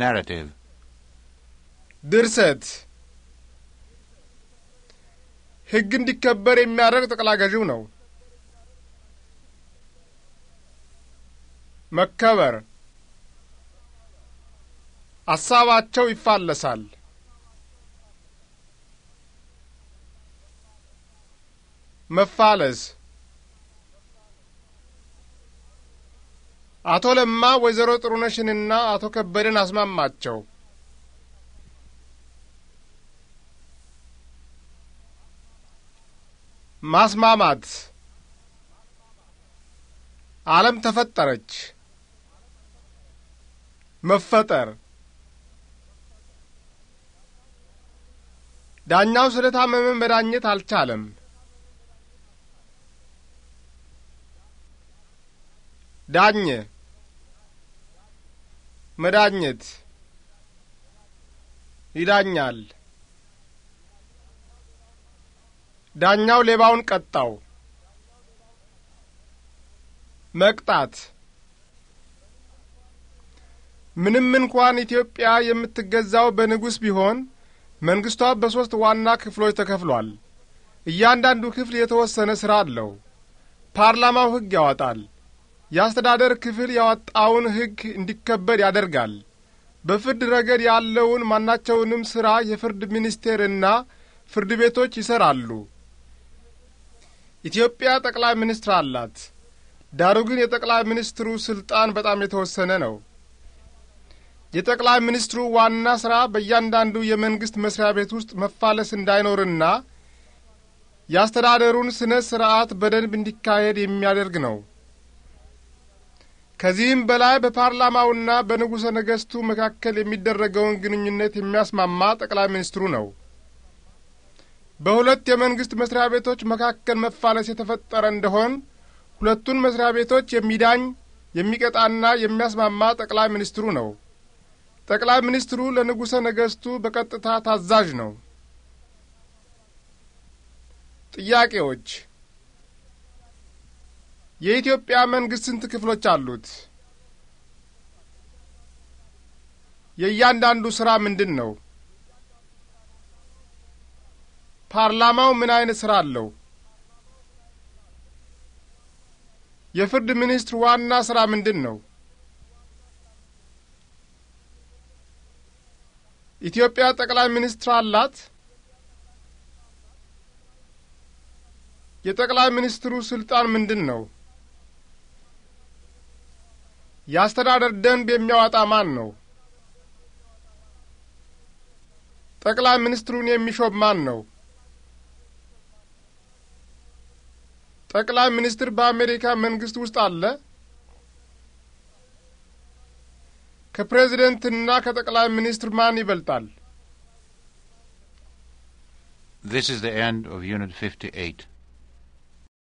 ናራቲቭ ድርሰት ሕግ እንዲከበር የሚያደርግ ጠቅላይ ገዢው ነው። መከበር ሀሳባቸው ይፋለሳል። መፋለስ አቶ ለማ ወይዘሮ ጥሩነሽንና አቶ ከበደን አስማማቸው። ማስማማት ዓለም ተፈጠረች። መፈጠር ዳኛው ስለ ታመመ መዳኘት አልቻለም። ዳኘ መዳኘት ይዳኛል። ዳኛው ሌባውን ቀጣው። መቅጣት ምንም እንኳን ኢትዮጵያ የምትገዛው በንጉሥ ቢሆን መንግሥቷ በሦስት ዋና ክፍሎች ተከፍሏል። እያንዳንዱ ክፍል የተወሰነ ሥራ አለው። ፓርላማው ሕግ ያወጣል። የአስተዳደር ክፍል ያወጣውን ሕግ እንዲከበር ያደርጋል። በፍርድ ረገድ ያለውን ማናቸውንም ሥራ የፍርድ ሚኒስቴርና ፍርድ ቤቶች ይሠራሉ። ኢትዮጵያ ጠቅላይ ሚኒስትር አላት። ዳሩ ግን የጠቅላይ ሚኒስትሩ ስልጣን በጣም የተወሰነ ነው። የጠቅላይ ሚኒስትሩ ዋና ሥራ በእያንዳንዱ የመንግሥት መስሪያ ቤት ውስጥ መፋለስ እንዳይኖርና የአስተዳደሩን ሥነ ሥርዓት በደንብ እንዲካሄድ የሚያደርግ ነው። ከዚህም በላይ በፓርላማውና በንጉሠ ነገሥቱ መካከል የሚደረገውን ግንኙነት የሚያስማማ ጠቅላይ ሚኒስትሩ ነው። በሁለት የመንግሥት መስሪያ ቤቶች መካከል መፋለስ የተፈጠረ እንደሆን ሁለቱን መስሪያ ቤቶች የሚዳኝ የሚቀጣና የሚያስማማ ጠቅላይ ሚኒስትሩ ነው። ጠቅላይ ሚኒስትሩ ለንጉሠ ነገሥቱ በቀጥታ ታዛዥ ነው። ጥያቄዎች የኢትዮጵያ መንግስት ስንት ክፍሎች አሉት? የእያንዳንዱ ስራ ምንድን ነው? ፓርላማው ምን አይነት ስራ አለው? የፍርድ ሚኒስትር ዋና ስራ ምንድን ነው? ኢትዮጵያ ጠቅላይ ሚኒስትር አላት? የጠቅላይ ሚኒስትሩ ስልጣን ምንድን ነው? የአስተዳደር ደንብ የሚያወጣ ማን ነው? ጠቅላይ ሚኒስትሩን የሚሾብ ማን ነው? ጠቅላይ ሚኒስትር በአሜሪካ መንግስት ውስጥ አለ? ከፕሬዚደንትና ከጠቅላይ ሚኒስትር ማን ይበልጣል? This is the end of Unit 58.